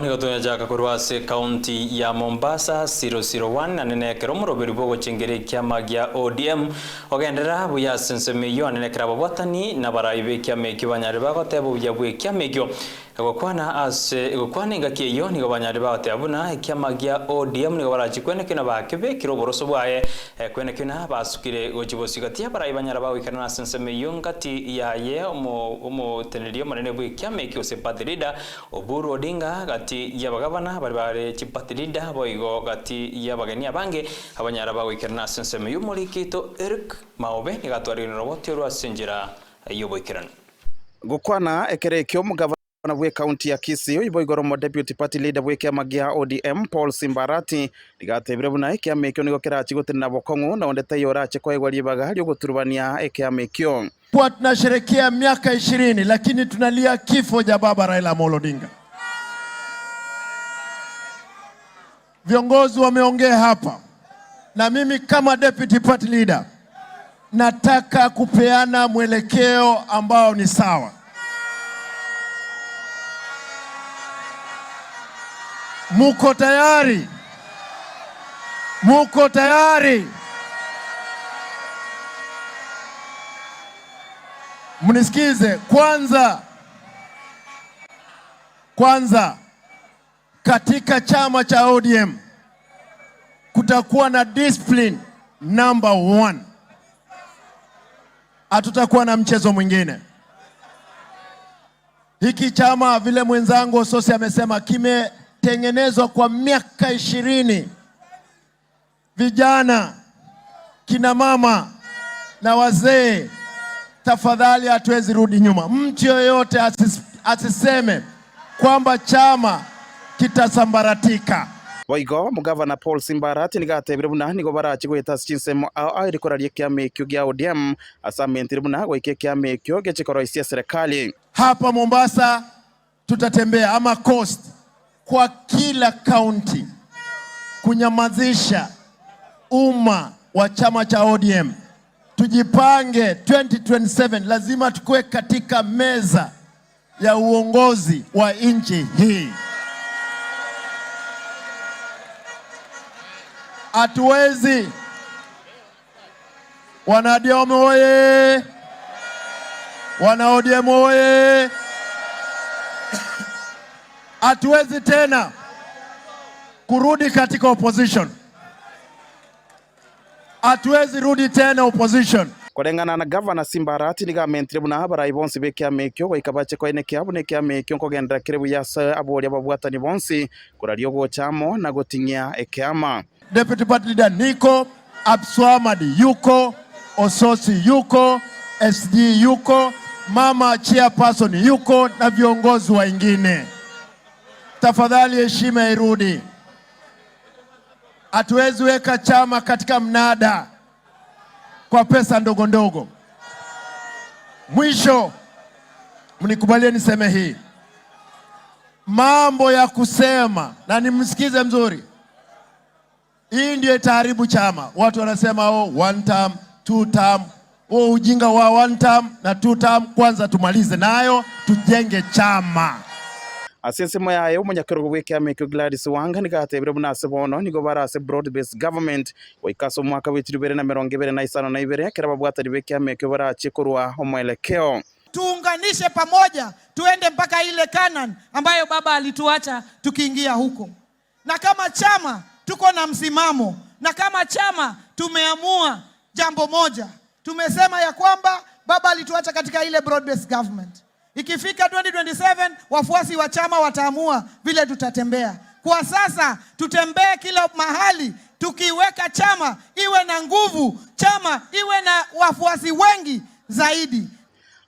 ni gotonya jaka kurwase kaunti ya Mombasa 001 anenekero muroberi bogo gucengere kia magia ODM ogendera buya sensemiyo anenekera bobotani na barayibe kiame kibanyare bagotebo bya bwe kiamekyo gukwana ase gukwana engaki eyo nigo banyari bagoteba buna ekiama gia odm nigo barachi kwenekena bake bekire oboroso bwaye eh, kwenekena basukire gochibosigatia barai banyara bagwikarana ase ensemo eywo ngati yaye omoteneri omonene bwa ekiama eki gose patrida oburu odinga gati ya bagabana bari bare chipatirida boigo gati ya bageni bange abanyara bagwikarana ase ensemo eywo morikito erk maobe nigatwarigenera botio rwa yobo ikirana gukwana ekere kyo omugaba Bwe kaunti ya Kisii oibo igoromo deputy party leader bwikema gia ODM Paul Simbarati ligatebire buna ikiama ikio nigo kirachigotirira bokong'u na ondete yorache kwaigwa ribaga riogoturubania ikiama ikio kwa tunasherekea miaka ishirini lakini tunalia kifo cha baba Raila Amolo Odinga. Viongozi wameongea hapa, na mimi kama deputy party leader nataka kupeana mwelekeo ambao ni sawa Muko tayari? Muko tayari? Mnisikize kwanza. Kwanza, katika chama cha ODM kutakuwa na discipline number one. Hatutakuwa na mchezo mwingine. Hiki chama vile mwenzangu Sosi amesema kime imetengenezwa kwa miaka ishirini. Vijana, kina mama na wazee, tafadhali, hatuwezi rudi nyuma. Mtu yoyote asis, asiseme kwamba chama kitasambaratika waigo mugavana Paul Simbarati nigatebire buna nigo barachi cinsemo ao airi koraria kiama gia ODM asamentire buna gwaike kiama kio gechikoro isia serikali hapa Mombasa tutatembea ama coast kwa kila kaunti kunyamazisha umma wa chama cha ODM. Tujipange 2027 lazima tukue katika meza ya uongozi wa nchi hii. Hatuwezi wana oye! Wana ODM oye! hatuwezi tena kurudi katika opposition, hatuwezi rudi tena opposition kolengana na gavana Simba simbarati nigamentire buna habarai bonsi bekiamekio goikabache koine kiabu nikiamekio nkogendera kerebu yase abori ababwatani bonsi koraria chamo na goting'ia ekiama deputy party leader niko abswamadi yuko ososi yuko sd yuko mama chairperson yuko na viongozi wengine tafadhali heshima irudi. Hatuwezi weka chama katika mnada kwa pesa ndogo ndogo. Mwisho, mnikubalie niseme hii mambo ya kusema na nimsikize mzuri, hii ndio itaharibu chama. Watu wanasema oh, one term, two term. Oh, ujinga wa one term na two term, kwanza tumalize nayo tujenge chama asensemo yaye umunyakirugu gwikiamikio Gladys Wanga nigatebire bunasebe bono nigo barase broad based government waikasa omwaka witiri ibere na mirongo ibere na isano na ibere kera babwatari bekiamikio barachi kurwa omwelekeo tuunganishe pamoja tuende mpaka ile Canaan ambayo baba alituacha tukiingia huko. Na kama chama tuko na msimamo, na kama chama tumeamua jambo moja, tumesema ya kwamba baba alituacha katika ile broad based government Ikifika 2027 wafuasi wa chama wataamua vile tutatembea. Kwa sasa tutembee kila mahali tukiweka chama iwe na nguvu, chama iwe na wafuasi wengi zaidi.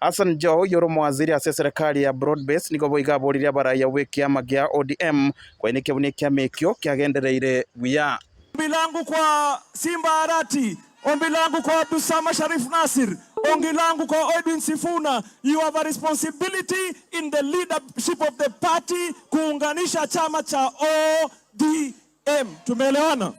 Hassan Joho yoro mwaziri ziri serikali ya broad base boigaborire abaraiya wi kiama gia ODM kwaini kiu ni kiamikio kiagendereire wia bilangu kwa Simba Arati Ombi langu kwa Abdusama Sharif Nasir, ombi langu kwa Edwin Sifuna, you have a responsibility in the leadership of the party kuunganisha chama cha ODM. Tumeelewana?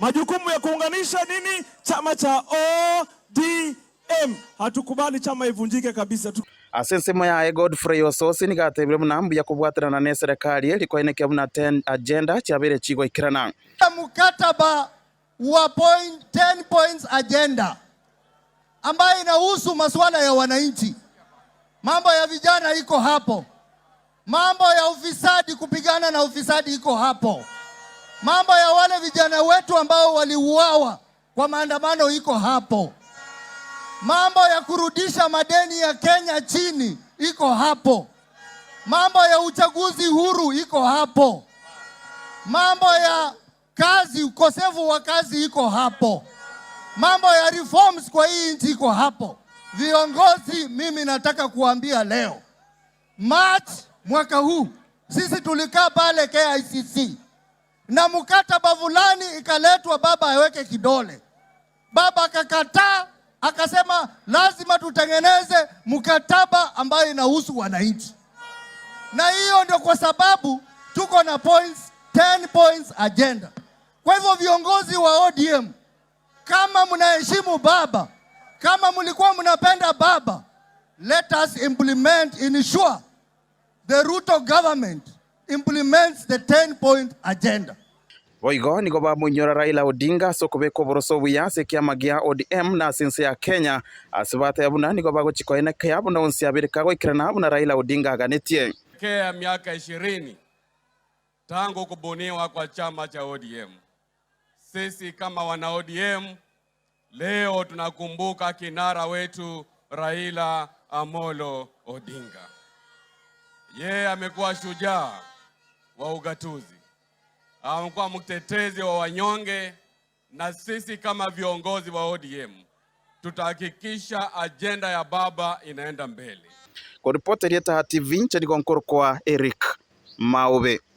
Majukumu ya kuunganisha nini chama cha ODM. Hatukubali chama ivunjike kabisa. asensemoyaye Godfrey Ososi nigatebire muna mbuya kubwatirana na serikali ilikoine kia muna agenda chiavire chigwa ikirana mukataba wa point, 10 points agenda ambayo inahusu masuala ya wananchi. Mambo ya vijana iko hapo, mambo ya ufisadi, kupigana na ufisadi iko hapo, mambo ya wale vijana wetu ambao waliuawa kwa maandamano iko hapo, mambo ya kurudisha madeni ya Kenya chini iko hapo, mambo ya uchaguzi huru iko hapo, mambo ya Kazi, ukosefu wa kazi iko hapo, mambo ya reforms kwa hii nchi iko hapo. Viongozi, mimi nataka kuambia leo, March mwaka huu sisi tulikaa pale KICC na mkataba fulani ikaletwa, baba aweke kidole. Baba akakataa, akasema lazima tutengeneze mkataba ambayo inahusu wananchi, na hiyo ndio kwa sababu tuko na points 10 points agenda. Kwa hivyo viongozi wa ODM, kama mnaheshimu baba, kama mlikuwa mnapenda baba, let us implement ensure the Ruto government implements the 10 point agenda boigo nigo munyora Raila Odinga sokobekwa boroso buyase kiama magia ODM na sense ya Kenya asibata yabuna nigo kya kayabuna onsi abirika goikirana abuna Raila Odinga ganetie kya miaka 20 tangu kubuniwa kwa chama cha ODM sisi kama wana ODM leo tunakumbuka kinara wetu Raila Amolo Odinga. Yeye amekuwa shujaa wa ugatuzi, amekuwa mtetezi wa wanyonge, na sisi kama viongozi wa ODM tutahakikisha ajenda ya baba inaenda mbele. Kuripoti Rieta TV nchini Konkuru kwa Eric Maube.